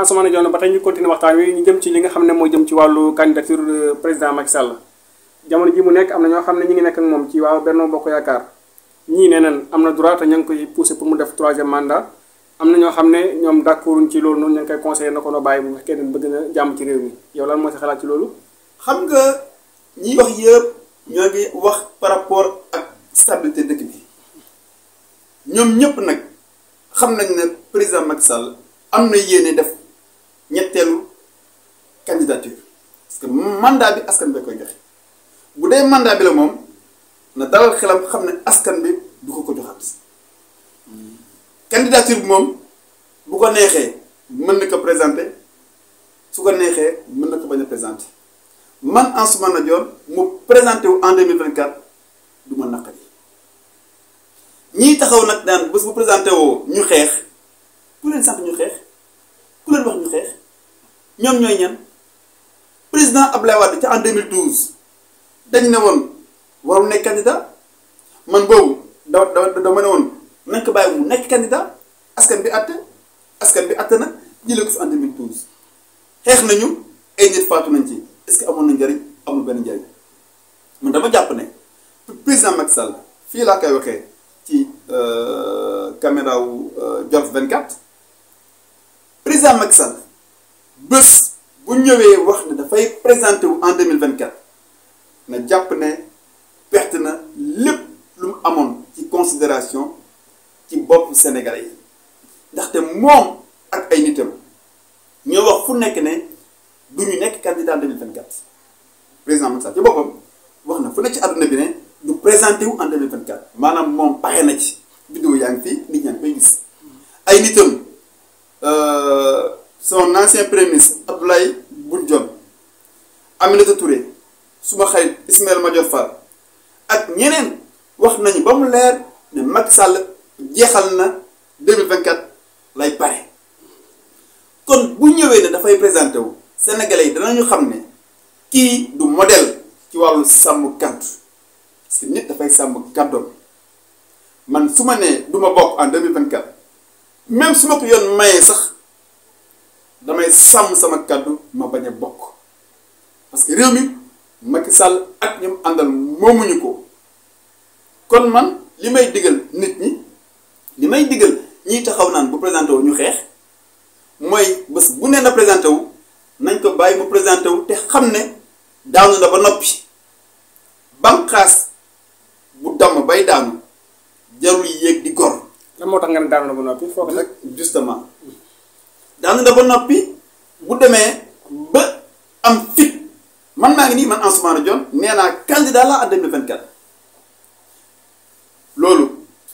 Ansoumana Dione ba tey ñu continuer waxtaan wi ñu jëm ci li nga xam ne moo jëm ci wàllu candidature président Macky Sall jamono ji mu nekk am na ñoo xam ne ñu ngi nekk ak moom ci waaw Benno Bokk Yaakaar ñii nee nañ am na droit te ña ngi koy poussé pour mu def troisième mandat am na ñoo xam ne ñoom d'accorduñ ci loolu noonu koy conseillé na no bàyyi bëgg na ci réew mi yow lan moo sa xalaat ci loolu xam nga ñi wax yëpp ñoo ngi wax par rapport ak stabilité dëkk bi ñoom ñëpp nag xam nañ ne président Macky Sall def ñetteelu candidature parce que mandat bi askan bi koy joxe bu dee mandat bi la moom na dalal xelam xam ne askan bi du ko ko joxaat candidature bi moom bu ko neexee mën na ko présenter su ko neexee mën na ko bañ a présenter man Ansoumana Dione mu présenté wu en 2024 du ma naqari ñii taxaw nag daan bés bu présenté woo ñu xeex ku leen sant ñu xeex. ñoom ñooy ñan président Ablaye Wade ca en 2012 dañ ne woon warul nekk candidat man boobu da da da ma ne woon nañ ko bàyyi mu nekk candidat askan bi àtte askan bi àtte na jëlee ko fi en 2012 xeex nañu ay nit faatu nañ ci est que amoon na njëriñ amul benn njëriñ man dama jàpp ne président Macky Sall fii laa koy waxee ci euh, caméra wu euh, Jolof 24 président Macky bés bu ñëwé wax da fay présenté wu en 2024 na japp ne perte na lepp lu mu ci considération ci bop Sénégalais yi té mom ak ay nitam ñu wax fu nekk ne duñu nekk candidat 2024 président Macky ci boppam wax na fu ne ci aduna bi ne du présenté wu en 2024 manam mom paré na ci vidéo yaa ngi fi nit ñaa ngi gis ay nitam euh, son ancien premier ministre Abdoulaye Boun Dionne Aminata Touré suma xarit ma Madior Fall ak ñeneen wax nañu ba mu leer ne Macky Sall jeexal na 2024 lay pare kon bu ñëwee ne dafay présenté wu sénégalais yi ñu xam ne kii du modèle ci wàllu sàmm kàddu si nit dafay sàmm kàddoom man su ma nee du ma bokk en 2024 même su ma ko yoon mayee sax. damay sam sama kado ma baña bok. parce que rew mi Macky Sall ak ñoom andal moomuñu ko kon man limay diggal digal nit ñi limay diggal digal taxaw naan bu présenté wu ñu xex moy bës bu nee na présenté wu nañ ko bay mu présenté wu te xamné daanu na ba noppi bu dam bay daanu jarul yéeg di gor. lan motax ngeen daanu na ba noppi foog justement daanu da ba noppi bu demee ba am fit man naa ngi nii man Ansoumana Dione nee naa candidat laa en 2024 loolu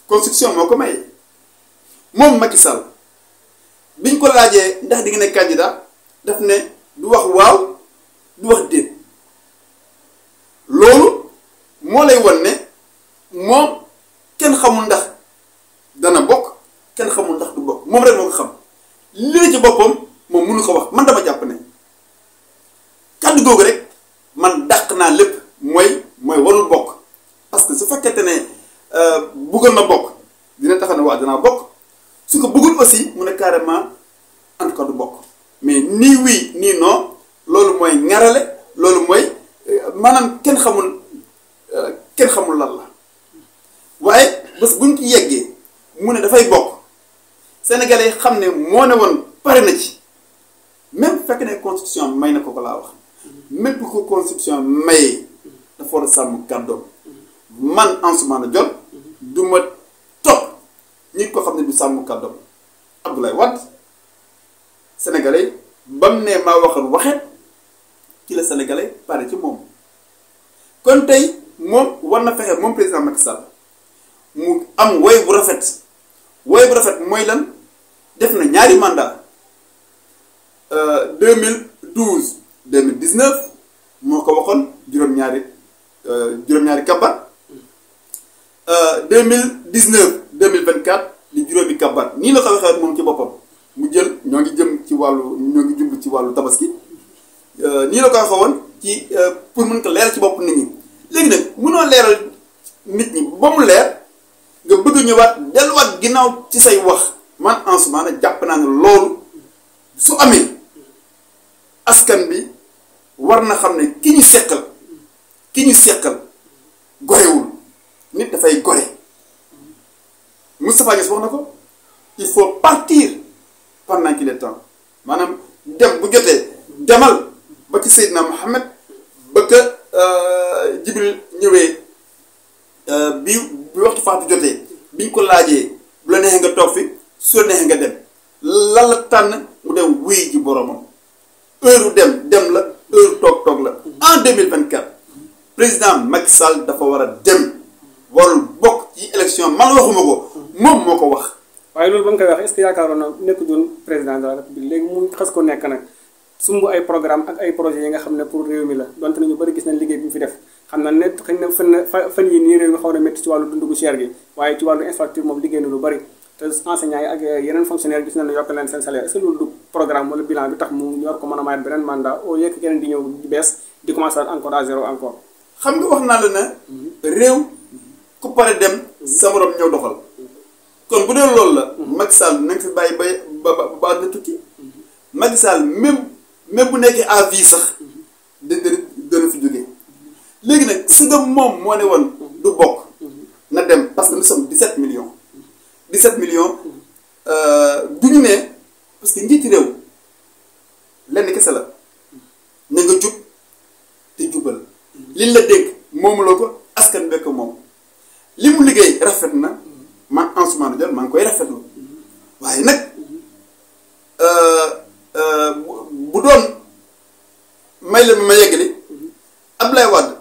constitution moo ko may moom Macky Sall biñ ko laajee ndax di nga ne candidat daf ne du wax waaw du wax déet loolu moo lay wan ne moom kenn xamul ndax dana bokk kenn xamul ndax du bokk moom rek moo ko xam. maanaam kenn xamul euh, kenn xamul lan la waaye bés buñ ci yeggee mu ne dafay bokk sénégalais xam ne moo ne woon pare na ci même fekk ne constitution may na ko ko laa wax même bu ko constitution may dafa war a sàmm kàddoom man Ansoumana Dione du ma topp ñi ko xam ne du sàmm kàddoom Abdoulaye Wade sénégalais bam ne maa waxoon waxet ci la sénégalais pare ci moom kon tey moom war na fexee moom président Macky Sall mu am woy bu rafet woy bu rafet mooy lan def na ñaari mandat 2012 euh, 2019 moo ko waxoon juróom-ñaari euh, euh, mille juróom-ñaari kabar 2019 2024 di juróomi kabar nii la ko waxee moom ci boppam mu jël ñoo ngi jëm ci wàllu ñoo ngi jumb ci wàllu tabaski nii la ko waxee woon ci euh, pour mën ko leeral ci bopp nit ñi léegi nag mënoo leeral nit ñi ba mu leer nga bëgg ñëwaat delluwaat ginnaaw ci say wax man en ce jàpp naa ne loolu su amee askan bi war na xam ne ki ñu seqal ki ñu seqal gorewul nit dafay gore Moustapha Niass wax na ko il faut partir pendant qu'il est temps maanaam dem bu jotee demal. ba ci Seydina Muhammad ba ka euh, Jibril ñëwee euh, bi bi waxtu faatu jotee biñ ko laajee bu la neexee nga toog fi su la neexee nga dem lan la tànn mu dem wuy ji boromam heure dem dem la heure toog toog la en mille 2024 président Macky Sall dafa war a dem warul bokk ci élection man waxuma ko moom moo ko wax waaye loolu ba nga koy wax est-ce que yaakaaroon na nekk doon président de léegi mu xas ko nekk nag sumb ay programme ak ay projets yi nga xam ne pour réew mi la donte nañu bëri gis nañ liggéey bi fi def xam na ne xëy na fan fan yi nii réew mi xaw na métti ci wàllu dundu gu cher gi waaye ci wàllu infrastructure moom liggéey na lu bëri te enseignants yi ak euh, yeneen fonctionnaire gis nañ ne yokk leen seen salaire est-ce que loolu du programme bi tax mu ñor ko mën a mayaat beneen mandat au lieu que di ñëw bees di commencer encore à zéro encore sa morom ñëw doxal bu dee la mm-hmm. Macky Sall na ba ba ba nga tukki mm-hmm. Macky Sall mais bu nekkee à vie sax dë dana fi jógee léegi nag su nga moom moo ne woon du bokk na dem parce que di sommes 17 millions 17 millions euh, du ñu ne parce que njiiti réew lenn kese la na nga jub te jubal liñ la dégg moomuloo ko Abdoulaye Wade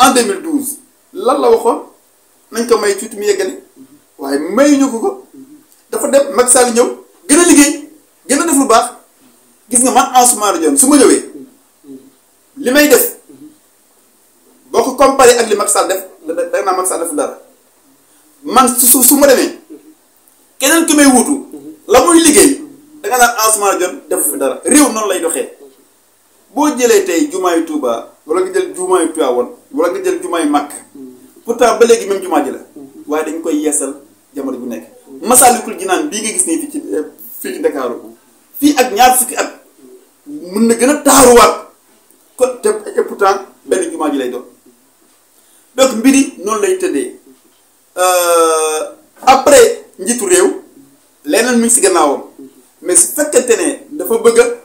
en 2012 lan la waxoon nañ ko may tuuti mu yeggali waaye mayuñu ko ko dafa dem Macky Sall ñëw gën a liggéey gën a def lu baax gis nga man Ansoumana Dione su ma ñëwee li may def boo ko comparé ak li Macky Sall def da naa Macky Sall defu dara man su su ma demee keneen ki may wuutu la muy liggéey da nga naan Ansoumana Dione def fi dara réew noonu lay doxee. boo jëlee tey yu Touba wala nga jël yu Tiwaawan wala nga jël jumaayu Màkk pourtant ba léegi même jumaa ji la waaye dañ koy yeesal jamono bu nekk Masaalikul Jinaan bii nga gis nii fii ci eh, fii ci Ndakaaru fii ak ñaar fukki at mën na gën a taaruwaat ko te pourtant benn jumaa ji lay doon donc mbiri noonu lay tëddee euh, après njiitu réew leneen mi si gannaawam mais su fekkente ne dafa bëgg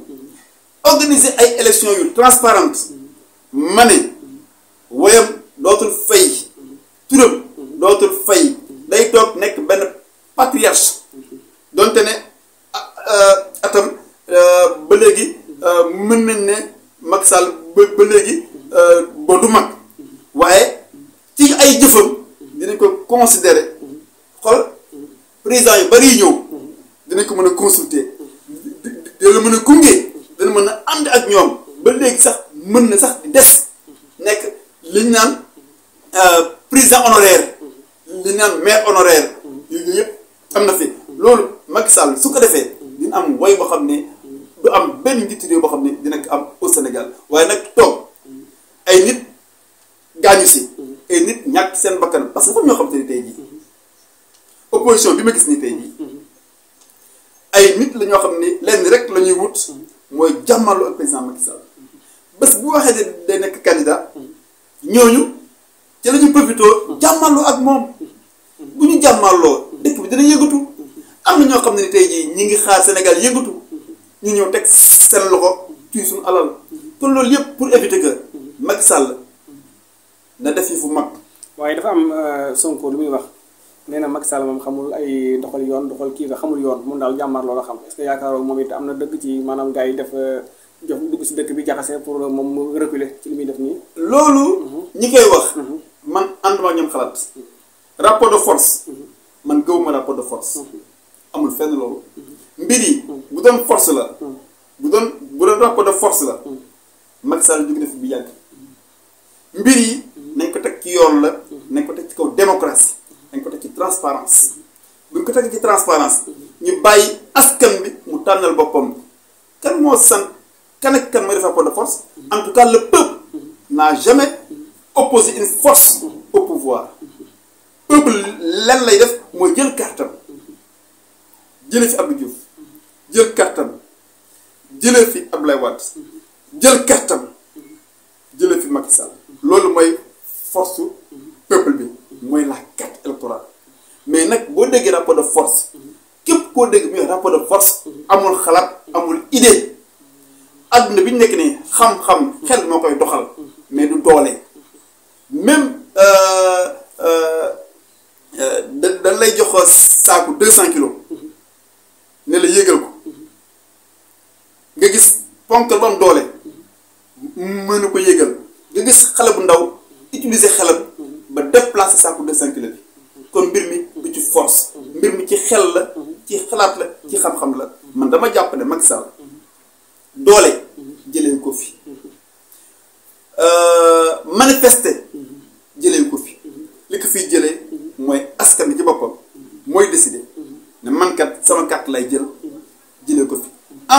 organiser ay élections yu transparente ma ne dootul fay turam dootul fay day toog nekk benn patriarche donte ne atam ba léegi mën nañ ne Macky Sall ba ba léegi ba mag waaye ci ay jëfam dinañ ko considérer xool président yu bari ñëw li ñu naan euh, président honoraire li ñu naan maire honoraire yooyu yëpp am na fi loolu Macky Sall su ko defee dina am way boo xam ne du am benn njiitu boo xam ne dina am au Sénégal waaye nag toog ay nit gaañu si ay nit ñàkk seen bakkan parce que ñoo xam te ni tey jii opposition bi ma gis ni tey jii ay nit la ñoo xam ne lenn rek la ñuy wut mooy jàmmaloo ak président Macky Sall bés bu waxee ñooñu ci la ñu profité jàmmaloo ak moom bu ñu jàmmaloo dëkk bi dina yëngatu am na ñoo xam ne ni tey jii ñi ngi xaar Sénégal yëngatu ñu ñëw teg seen loxo ci suñu alal kon loolu yëpp pour éviter que Macky Sall na def yi fu mag. waaye dafa am euh, Sonko lu muy wax nee na Macky Sall moom xamul ay doxal yoon doxal kii nga xamul yoon mun daal jàmmaar loolu xam est-ce moom it am na dëgg ci maanaam gars yi def euh, jox dugg si dëkk bi jaxase pour moom mu reculer ci muy def nii. ñi koy wax. Mhm. man ànduma ñoom xalaat. Mhm. rapport de force. Mhm. man gëwuma rapport de force. amul fenn loolu. mbir yi bu doon force la. bu doon bu doon rapport de force la. Macky Sall jóge def bi yàgg. mbir yi nañ ko teg ci yoon la. nañ ko teg ci kaw démocratie. nañ ko teg ci transparence bu ko teg ci transparence ñu bàyyi askan bi mu tànnal boppam kan moo sant kan ak kan mooy def rapport de force. en tout cas le peuple n'a jamais. opposer une force au pouvoir peuple est lay def mooy jël le il fi Abdou le carton, Il y fi jël carton, il fi force peuple bi la carte électorale mais y a un rapport de force qui peut dégg un rapport de force amul amul idée un de force. mais du même euh, euh, euh, da dañ lay jox saaku deux cent kilos ne la yéegal ko nga gis ponkal ba am doole mën na ko yégal nga gis xale bu ndaw utiliser xelam ba déplacer saaku deux cent kilos bi kon mbir mi du ci force mbir mi ci xel la ci xalaat la ci xam-xam la man dama jàpp ne Macky Sall doole jëlee ko fi manifester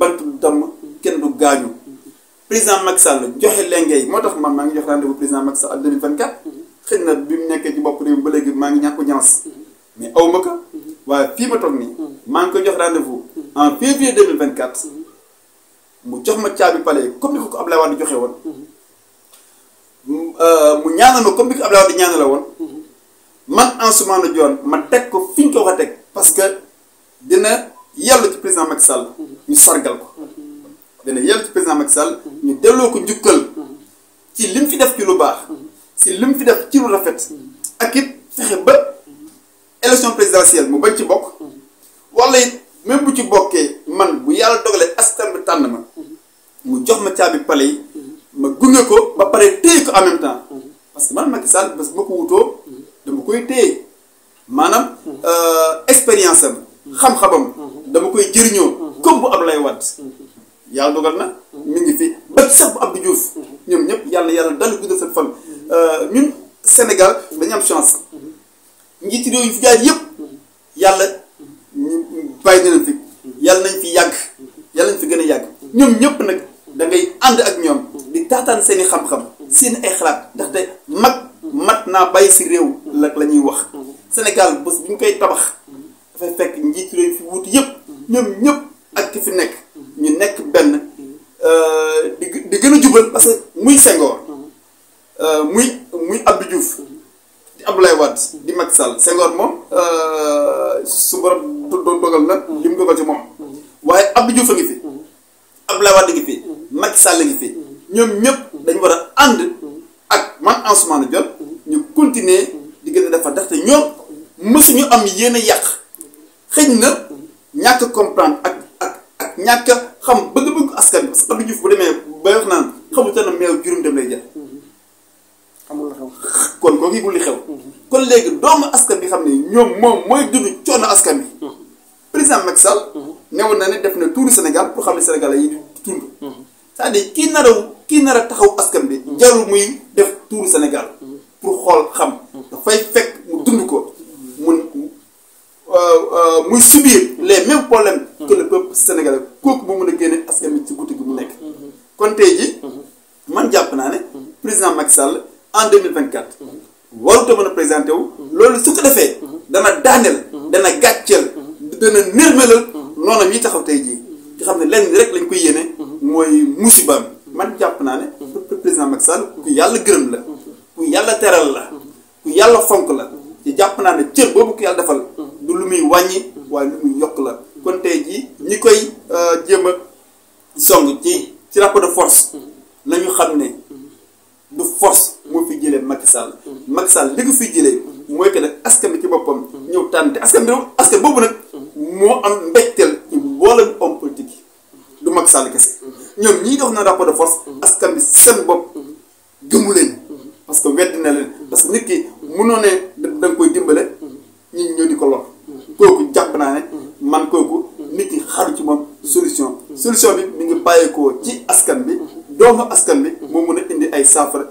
bant qui kenn président Macky Sall joxe man rendez-vous président Macky Sall 2024 xëy na bi ci bopp réew ba mais je ma ko ma rendez-vous en février 2024 mu jox ma caabi palais euh, comme ni ko Abdoulaye Wade joxe mu ñaanal comme ni Abdoulaye ma ko ko parce que le ci président Macky Sall ñu sargal ko a yalla ci président Macky Sall ñu délo ko jukkal ci lim fi def ci lu baax si lim fi def ci lu rafet ak élection présidentielle mu bañ ci bokk wala même bu ci bokké man bu yalla dogalé askan bi tan ma mu jox ma je vais ma gungé ko ba paré téy ko en même temps parce que man Macky Sall parce que ma dama koy euh, expérience xam dama koy jëriñoo. Mhm. comme bu am lay wadd mhm. yàlla dogal na. mi ngi fi mhm. ba sax bu Abdou Diouf. ñoom ñëpp yàlla yàlla dal guddal seen fan. Euh, ñun Sénégal am chance. njiiti réew yi fi jaar yëpp. yàlla ñu bàyyi dinañ fi. yàlla nañ fi yàgg. yàlla nañ fi gën a yàgg. ñoom ñëpp nag da ngay ànd ak ñoom. di taataan seen i xam-xam. seen ay xalaat ndaxte mag. mat naa bàyyi si réew. la la ñuy wax. Sénégal bés bu ñu koy tabax. dafay fekk njiiti yi fi wuutu yëpp. ñoom ñëpp ak ki fi nekk ñu nekk benn euh, di gën a jubal parce que muy sengoor euh, muy muy Abdou Diouf di Abdoulaye Wade di mag Sall sengoor moom euh, su borom doon dogal na li mu dogal ci moom waaye Abdou Diouf a ngi fi Abdoulaye Wade ngi fi Macky Sall ngi fi ñoom ñëpp dañu war a ànd ak man Ansoumana Dione ñu continuer di gën a defar ndaxte ñoom mësuñu am yéen a yàq xëy na ñàkk comprendre ak ak ak ñàkk xam bëgg-bëgg askan bi parce que Abdou Diouf bu demee ba wax naan xamu te ne meew juróom dem lay jël. amul la xew kon kooku yëgul li xew. kon léegi doomu askan bi xam ne ñoom moom mooy dund coono askan bi. président Macky Sall. newoon na ne def na tuuru Sénégal pour xam ne Sénégalais yi di tund. c'est-à-dire kii nar a kii nar a taxaw askan bi. jarul muy def tuuru Sénégal. pour xool xam. dafay fekk mu dund ko. mun euh, euh, muy subir. les mêmes problèmes que le peuple sénégalais kooku bu a askan ci gi mu nekk kon man président Macky Sall en 2024 waruta il a fait. wu loolu su ko dana dana dana Il a taxaw nga rek lañ koy moy il man le président Macky Sall ku yalla gërëm la ku yalla téral la ku yalla fonk la ci il ku yalla defal du lu muy waaye lu muy yokk la kon tey jii ñi koy euh, jéem a song ci ci rapport de force nañu xam ne du force moo fii jëlee Macky Sall Macky Sall li ko fi jëlee mooy que nag askan bi ci boppam ñëw tànn te askan bi askan boobu nag moo am mbégteel ci mboolem homme politique yi du Macky Sall kese ñoom ñii dox na rapport de force askan bi seen bopp gëmu leen parce que wedd na leen parce que nit ki mënoo ne jox askan bi moo mun a indi ay saafara